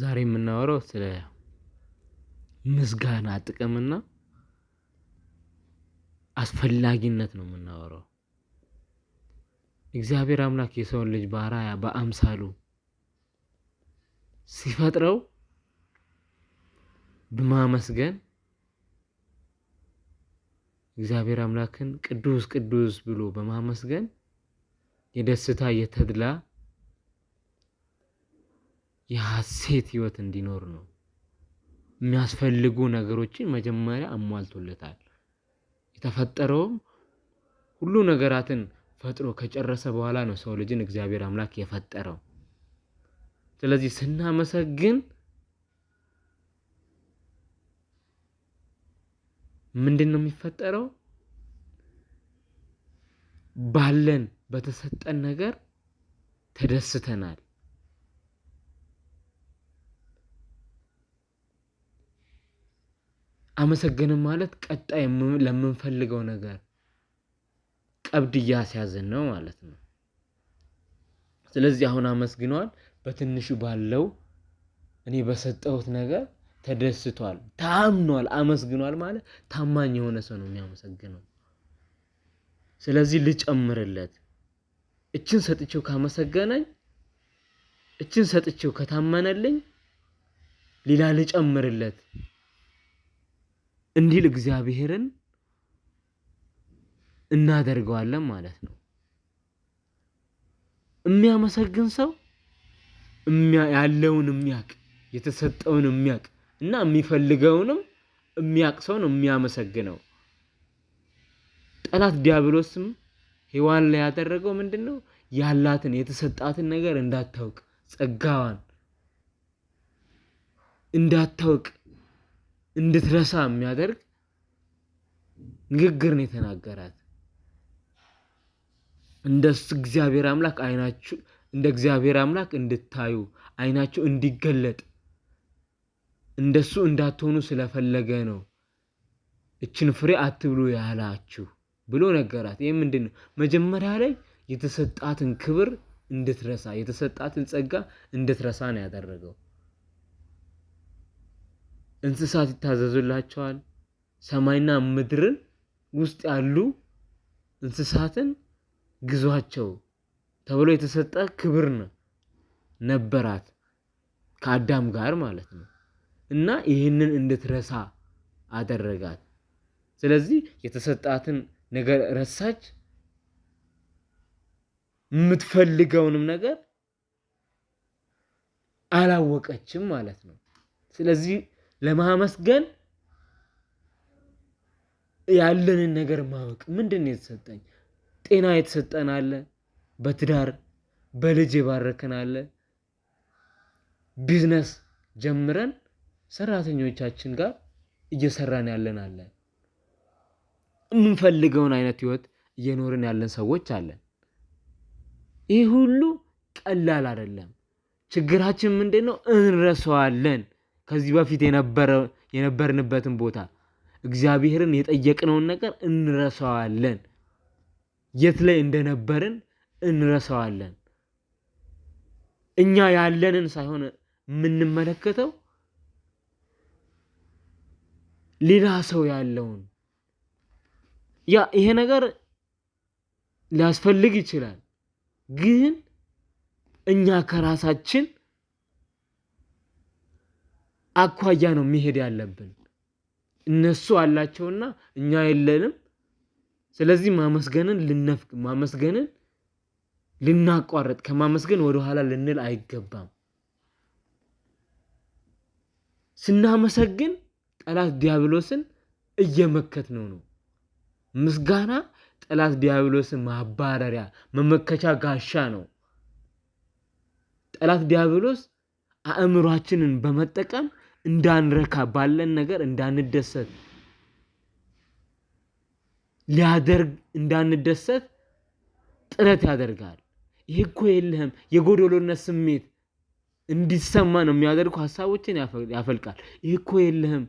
ዛሬ የምናወራው ስለ ምስጋና ጥቅምና አስፈላጊነት ነው የምናወራው። እግዚአብሔር አምላክ የሰውን ልጅ በአራያ በአምሳሉ ሲፈጥረው በማመስገን እግዚአብሔር አምላክን ቅዱስ ቅዱስ ብሎ በማመስገን የደስታ የተድላ የሐሴት ህይወት እንዲኖር ነው። የሚያስፈልጉ ነገሮችን መጀመሪያ አሟልቶለታል። የተፈጠረውም ሁሉ ነገራትን ፈጥሮ ከጨረሰ በኋላ ነው ሰው ልጅን እግዚአብሔር አምላክ የፈጠረው። ስለዚህ ስናመሰግን ምንድን ነው የሚፈጠረው? ባለን በተሰጠን ነገር ተደስተናል። አመሰገንም ማለት ቀጣይ ለምንፈልገው ነገር ቀብድ እያስያዘን ነው ማለት ነው። ስለዚህ አሁን አመስግኗል በትንሹ ባለው እኔ በሰጠሁት ነገር ተደስቷል፣ ታምኗል። አመስግኗል ማለት ታማኝ የሆነ ሰው ነው የሚያመሰግነው። ስለዚህ ልጨምርለት፣ እችን ሰጥቼው ካመሰገነኝ፣ እችን ሰጥቼው ከታመነልኝ፣ ሌላ ልጨምርለት። እንዲል እግዚአብሔርን እናደርገዋለን ማለት ነው። የሚያመሰግን ሰው ያለውን የሚያቅ የተሰጠውን የሚያቅ እና የሚፈልገውንም የሚያቅ ሰው ነው የሚያመሰግነው። ጠላት ዲያብሎስም ሔዋን ላይ ያደረገው ምንድን ነው? ያላትን የተሰጣትን ነገር እንዳታውቅ ጸጋዋን እንዳታውቅ እንድትረሳ የሚያደርግ ንግግር ነው የተናገራት። እንደ እግዚአብሔር አምላክ አይናችሁ እንደ እግዚአብሔር አምላክ እንድታዩ አይናችሁ እንዲገለጥ እንደሱ እንዳትሆኑ ስለፈለገ ነው እችን ፍሬ አትብሉ ያላችሁ ብሎ ነገራት። ይህ ምንድን ነው? መጀመሪያ ላይ የተሰጣትን ክብር እንድትረሳ የተሰጣትን ጸጋ እንድትረሳ ነው ያደረገው። እንስሳት ይታዘዙላቸዋል። ሰማይና ምድርን ውስጥ ያሉ እንስሳትን ግዟቸው ተብሎ የተሰጠ ክብር ነው ነበራት ከአዳም ጋር ማለት ነው። እና ይህንን እንድትረሳ አደረጋት። ስለዚህ የተሰጣትን ነገር ረሳች። የምትፈልገውንም ነገር አላወቀችም ማለት ነው። ስለዚህ ለማመስገን ያለንን ነገር ማወቅ። ምንድን ነው የተሰጠኝ? ጤና የተሰጠን አለ፣ በትዳር በልጅ የባረከን አለ። ቢዝነስ ጀምረን ሰራተኞቻችን ጋር እየሰራን ያለን አለ የምንፈልገውን አይነት ህይወት እየኖርን ያለን ሰዎች አለን። ይህ ሁሉ ቀላል አይደለም። ችግራችን ምንድን ነው? እንረሳዋለን። ከዚህ በፊት የነበርንበትን ቦታ እግዚአብሔርን የጠየቅነውን ነገር እንረሳዋለን። የት ላይ እንደነበርን እንረሳዋለን። እኛ ያለንን ሳይሆን የምንመለከተው ሌላ ሰው ያለውን ያ ይሄ ነገር ሊያስፈልግ ይችላል፣ ግን እኛ ከራሳችን አኳያ ነው መሄድ ያለብን። እነሱ አላቸውና እኛ የለንም። ስለዚህ ማመስገንን ልነፍቅ፣ ማመስገንን ልናቋርጥ፣ ከማመስገን ወደኋላ ልንል አይገባም። ስናመሰግን ጠላት ዲያብሎስን እየመከት ነው ነው። ምስጋና ጠላት ዲያብሎስን ማባረሪያ መመከቻ ጋሻ ነው። ጠላት ዲያብሎስ አእምሯችንን በመጠቀም እንዳንረካ ባለን ነገር እንዳንደሰት ሊያደርግ እንዳንደሰት ጥረት ያደርጋል። ይህ እኮ የለህም የጎደሎነት ስሜት እንዲሰማ ነው የሚያደርጉ ሀሳቦችን ያፈልቃል። ይህ እኮ የለህም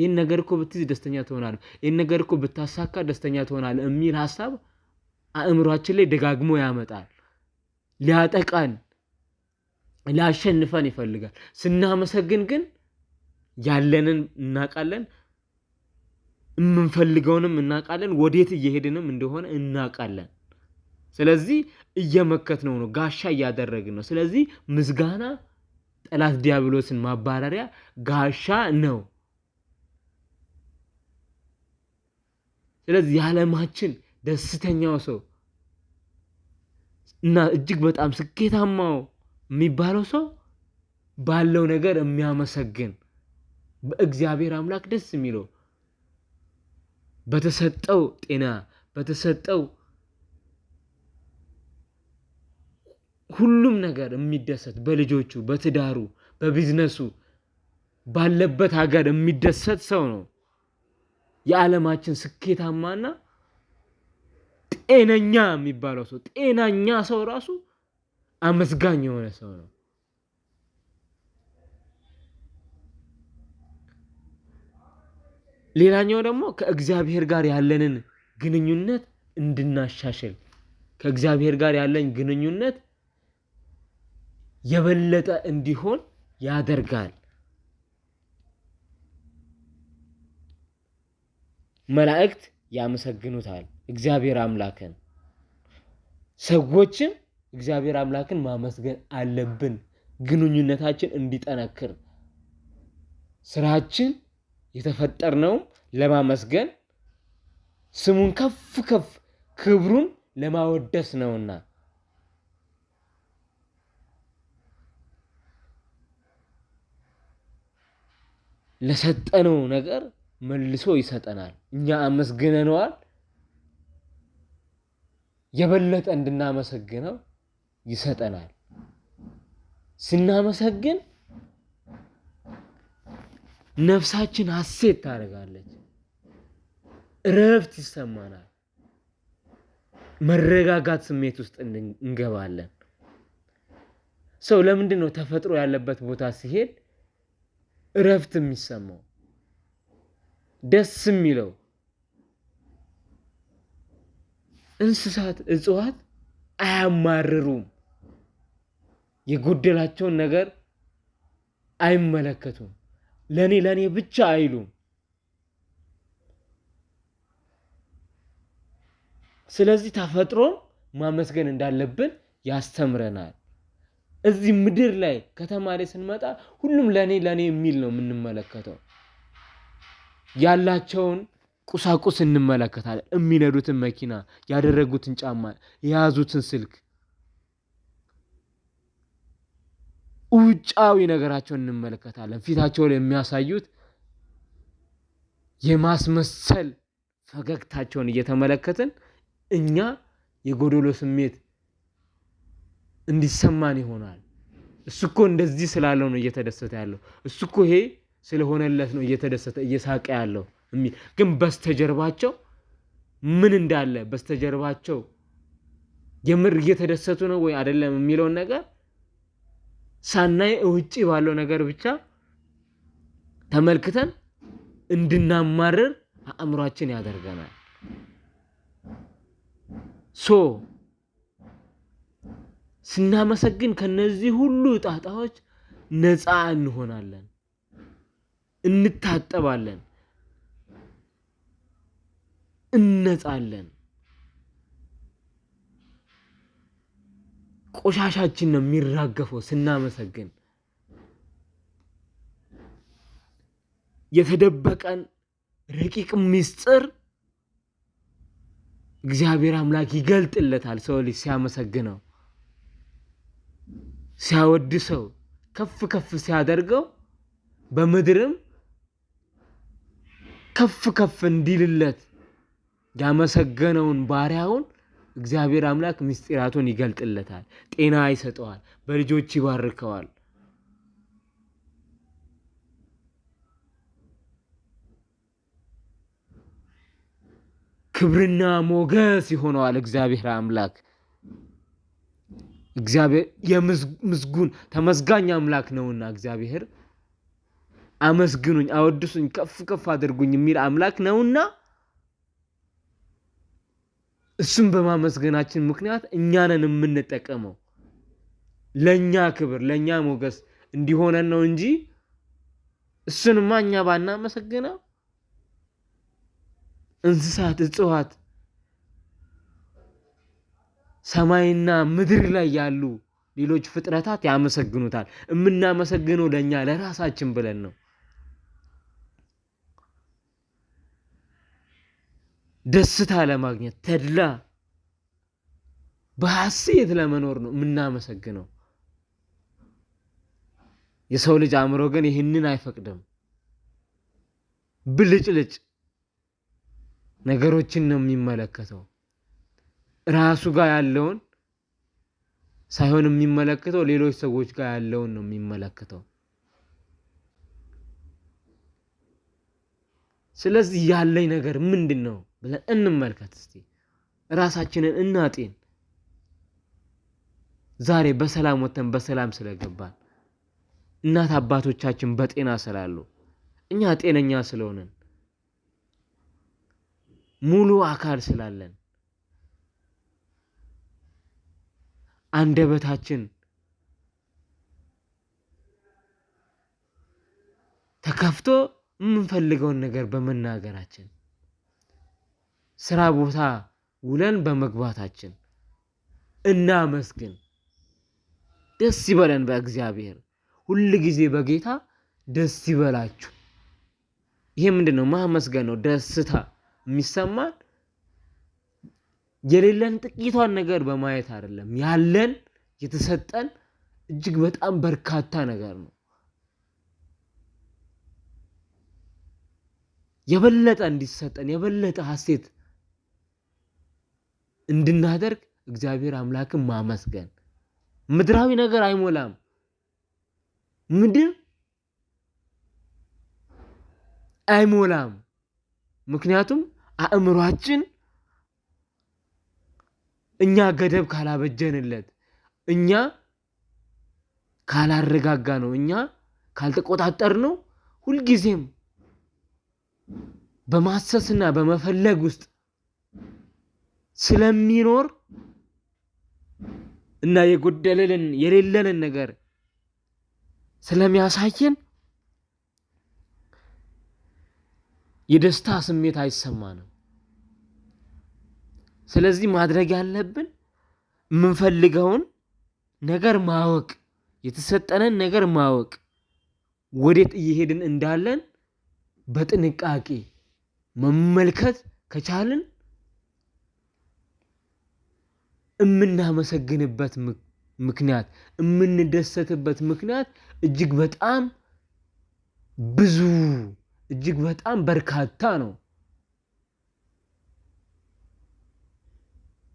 ይህን ነገር እኮ ብትይዝ ደስተኛ ትሆናል ይህን ነገር እኮ ብታሳካ ደስተኛ ትሆናል የሚል ሀሳብ አእምሯችን ላይ ደጋግሞ ያመጣል። ሊያጠቃን ሊያሸንፈን ይፈልጋል። ስናመሰግን ግን ያለንን እናውቃለን፣ የምንፈልገውንም እናውቃለን፣ ወዴት እየሄድንም እንደሆነ እናውቃለን። ስለዚህ እየመከት ነው፣ ጋሻ እያደረግን ነው። ስለዚህ ምስጋና ጠላት ዲያብሎስን ማባረሪያ ጋሻ ነው። ስለዚህ የዓለማችን ደስተኛው ሰው እና እጅግ በጣም ስኬታማው የሚባለው ሰው ባለው ነገር የሚያመሰግን በእግዚአብሔር አምላክ ደስ የሚለው በተሰጠው ጤና በተሰጠው ሁሉም ነገር የሚደሰት በልጆቹ፣ በትዳሩ፣ በቢዝነሱ ባለበት ሀገር የሚደሰት ሰው ነው የዓለማችን ስኬታማና ጤነኛ የሚባለው ሰው። ጤናኛ ሰው ራሱ አመስጋኝ የሆነ ሰው ነው። ሌላኛው ደግሞ ከእግዚአብሔር ጋር ያለንን ግንኙነት እንድናሻሽል ከእግዚአብሔር ጋር ያለን ግንኙነት የበለጠ እንዲሆን ያደርጋል። መላእክት ያመሰግኑታል እግዚአብሔር አምላክን። ሰዎችም እግዚአብሔር አምላክን ማመስገን አለብን፣ ግንኙነታችን እንዲጠነክር ስራችን የተፈጠርነውም ለማመስገን ስሙን ከፍ ከፍ ክብሩን ለማወደስ ነውና ለሰጠነው ነገር መልሶ ይሰጠናል። እኛ አመስግነነዋል፣ የበለጠ እንድናመሰግነው ይሰጠናል። ስናመሰግን ነፍሳችን ሐሴት ታደርጋለች፣ እረፍት ይሰማናል፣ መረጋጋት ስሜት ውስጥ እንገባለን። ሰው ለምንድን ነው ተፈጥሮ ያለበት ቦታ ሲሄድ እረፍት የሚሰማው ደስ የሚለው? እንስሳት፣ እጽዋት አያማርሩም። የጎደላቸውን ነገር አይመለከቱም። ለእኔ ለእኔ ብቻ አይሉም። ስለዚህ ተፈጥሮን ማመስገን እንዳለብን ያስተምረናል። እዚህ ምድር ላይ ከተማ ላይ ስንመጣ ሁሉም ለእኔ ለእኔ የሚል ነው የምንመለከተው። ያላቸውን ቁሳቁስ እንመለከታለን። የሚነዱትን መኪና፣ ያደረጉትን ጫማ፣ የያዙትን ስልክ ውጫዊ ነገራቸውን እንመለከታለን። ፊታቸው ላይ የሚያሳዩት የማስመሰል ፈገግታቸውን እየተመለከትን እኛ የጎደሎ ስሜት እንዲሰማን ይሆናል። እሱ እኮ እንደዚህ ስላለው ነው እየተደሰተ ያለው፣ እሱ እኮ ይሄ ስለሆነለት ነው እየተደሰተ እየሳቀ ያለው የሚል ግን በስተጀርባቸው ምን እንዳለ በስተጀርባቸው የምር እየተደሰቱ ነው ወይ አይደለም የሚለውን ነገር ሳናይ ውጪ ባለው ነገር ብቻ ተመልክተን እንድናማርር አእምሯችን ያደርገናል። ሶ ስናመሰግን ከነዚህ ሁሉ ጣጣዎች ነፃ እንሆናለን፣ እንታጠባለን፣ እንነጻለን። ቆሻሻችን ነው የሚራገፈው ስናመሰግን። የተደበቀን ረቂቅ ምስጢር እግዚአብሔር አምላክ ይገልጥለታል። ሰው ልጅ ሲያመሰግነው፣ ሲያወድሰው፣ ከፍ ከፍ ሲያደርገው በምድርም ከፍ ከፍ እንዲልለት ያመሰገነውን ባሪያውን እግዚአብሔር አምላክ ምስጢራቱን ይገልጥለታል፣ ጤና ይሰጠዋል፣ በልጆች ይባርከዋል። ክብርና ሞገስ ይሆነዋል እግዚአብሔር አምላክ። እግዚአብሔር የምስጉን ተመስጋኝ አምላክ ነውና እግዚአብሔር አመስግኑኝ፣ አወድሱኝ፣ ከፍ ከፍ አድርጉኝ የሚል አምላክ ነውና እሱም በማመስገናችን ምክንያት እኛንን የምንጠቀመው ለእኛ ክብር ለእኛ ሞገስ እንዲሆነን ነው እንጂ እሱንማ እኛ ባናመሰግነው እንስሳት፣ እጽዋት፣ ሰማይና ምድር ላይ ያሉ ሌሎች ፍጥረታት ያመሰግኑታል። የምናመሰግነው ለእኛ ለራሳችን ብለን ነው። ደስታ ለማግኘት ተድላ በሐሴት ለመኖር ነው የምናመሰግነው። የሰው ልጅ አእምሮ ግን ይህንን አይፈቅድም። ብልጭልጭ ነገሮችን ነው የሚመለከተው። ራሱ ጋር ያለውን ሳይሆን የሚመለከተው ሌሎች ሰዎች ጋር ያለውን ነው የሚመለከተው። ስለዚህ ያለኝ ነገር ምንድን ነው? ብለን እንመልከት እስቲ። ራሳችንን እናጤን። ዛሬ በሰላም ወተን በሰላም ስለገባን እናት አባቶቻችን በጤና ስላሉ እኛ ጤነኛ ስለሆነን ሙሉ አካል ስላለን አንደበታችን ተከፍቶ የምንፈልገውን ነገር በመናገራችን ስራ ቦታ ውለን በመግባታችን እናመስግን። ደስ ይበለን በእግዚአብሔር። ሁል ጊዜ በጌታ ደስ ይበላችሁ። ይሄ ምንድን ነው? ማመስገን ነው። ደስታ የሚሰማን የሌለን ጥቂቷን ነገር በማየት አይደለም። ያለን የተሰጠን እጅግ በጣም በርካታ ነገር ነው። የበለጠ እንዲሰጠን የበለጠ ሀሴት እንድናደርግ እግዚአብሔር አምላክን ማመስገን። ምድራዊ ነገር አይሞላም። ምድር አይሞላም። ምክንያቱም አእምሯችን እኛ ገደብ ካላበጀንለት፣ እኛ ካላረጋጋ ነው፣ እኛ ካልተቆጣጠር ነው ሁልጊዜም በማሰስና በመፈለግ ውስጥ ስለሚኖር እና የጎደለልን የሌለንን ነገር ስለሚያሳየን የደስታ ስሜት አይሰማንም። ስለዚህ ማድረግ ያለብን የምንፈልገውን ነገር ማወቅ፣ የተሰጠንን ነገር ማወቅ፣ ወዴት እየሄድን እንዳለን በጥንቃቄ መመልከት ከቻልን የምናመሰግንበት ምክንያት የምንደሰትበት ምክንያት እጅግ በጣም ብዙ እጅግ በጣም በርካታ ነው።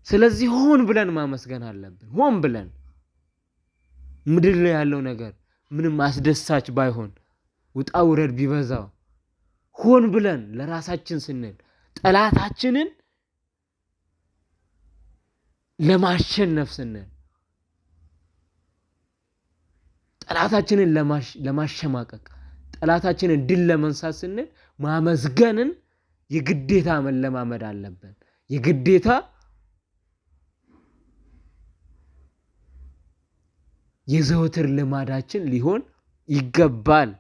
ስለዚህ ሆን ብለን ማመስገን አለብን። ሆን ብለን ምድር ላይ ያለው ነገር ምንም አስደሳች ባይሆን ውጣ ውረድ ቢበዛው ሆን ብለን ለራሳችን ስንል ጠላታችንን ለማሸነፍ ስንል ጠላታችንን ለማሸማቀቅ ጠላታችንን ድል ለመንሳት ስንል ማመስገንን የግዴታ መለማመድ አለብን። የግዴታ የዘወትር ልማዳችን ሊሆን ይገባል።